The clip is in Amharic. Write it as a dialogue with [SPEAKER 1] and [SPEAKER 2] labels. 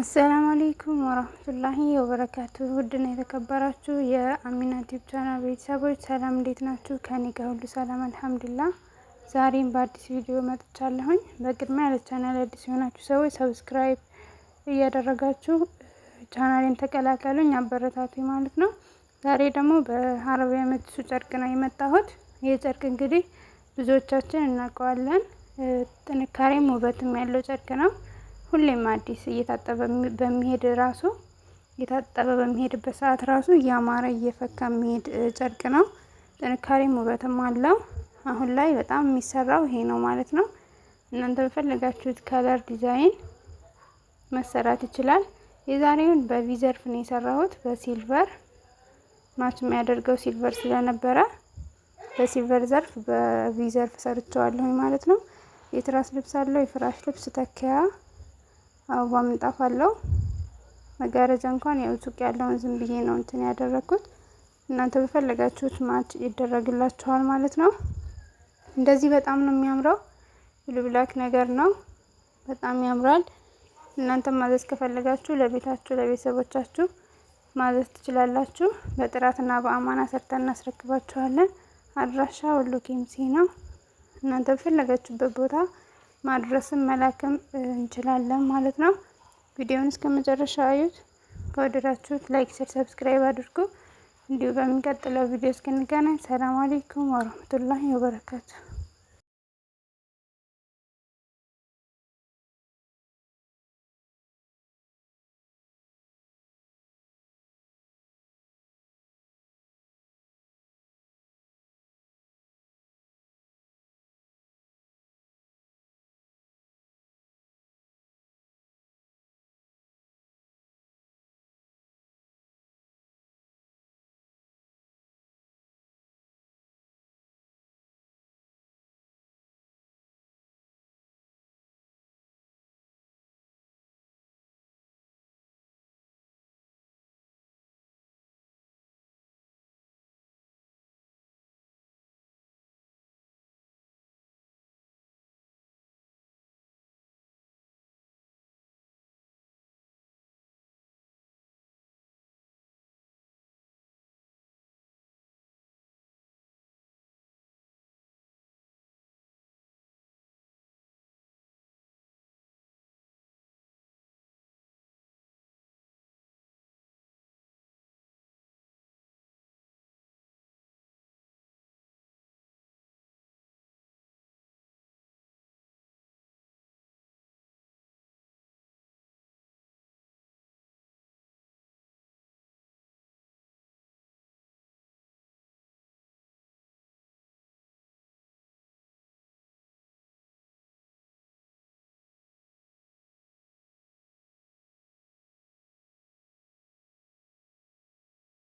[SPEAKER 1] አሰላሙ አሌይኩም ወረህመቱላሂ ወበረካቱ። ውድና የተከበራችሁ የአሚና ቲዩብ ቻናል ቤተሰቦች ሰላም፣ እንዴት ናችሁ? ከኔ ጋር ሁሉ ሰላም አልሐምዱላ። ዛሬም በአዲስ ቪዲዮ መጥቻለሁኝ። በቅድሚያ ለቻናል አዲስ የሆናችሁ ሰዎች ሰብስክራይብ እያደረጋችሁ ቻናሌን ተቀላቀሉኝ፣ አበረታቱ ማለት ነው። ዛሬ ደግሞ በአረቢያ መጅሱ ጨርቅ ነው የመጣሁት። ይህ ጨርቅ እንግዲህ ብዙዎቻችን እናውቀዋለን። ጥንካሬም ውበትም ያለው ጨርቅ ነው። ሁሌም አዲስ እየታጠበ በሚሄድ ራሱ እየታጠበ በሚሄድበት ሰዓት ራሱ እያማረ እየፈካ የሚሄድ ጨርቅ ነው። ጥንካሬም ውበትም አለው። አሁን ላይ በጣም የሚሰራው ይሄ ነው ማለት ነው። እናንተ በፈለጋችሁት ከለር ዲዛይን መሰራት ይችላል። የዛሬውን በቪ ዘርፍ ነው የሰራሁት። በሲልቨር ማች የሚያደርገው ሲልቨር ስለነበረ በሲልቨር ዘርፍ በቪ ዘርፍ ማለት ነው። የትራስ ልብስ አለው፣ የፍራሽ ልብስ ተከያ አበባ ምንጣፍ አለው። መጋረጃ እንኳን ያው ሱቅ ያለውን ዝም ብዬ ነው እንትን ያደረግኩት። እናንተ በፈለጋችሁት ማች ይደረግላችኋል ማለት ነው። እንደዚህ በጣም ነው የሚያምረው። ብሉብላክ ነገር ነው፣ በጣም ያምራል። እናንተ ማዘዝ ከፈለጋችሁ ለቤታችሁ ለቤተሰቦቻችሁ ማዘዝ ትችላላችሁ። በጥራትና በአማና ሰርተን እናስረክባችኋለን። አድራሻ ወሎ ኬምሲ ነው። እናንተ በፈለጋችሁበት ቦታ ማድረስም መላክም እንችላለን ማለት ነው። ቪዲዮውን እስከ መጨረሻ አዩት። ከወደዳችሁት ላይክ፣ ሼር፣ ሰብስክራይብ አድርጉ። እንዲሁ በሚቀጥለው ቪዲዮ እስክንገናኝ ሰላም አሌይኩም ወረህመቱላሂ ወበረካቱሁ።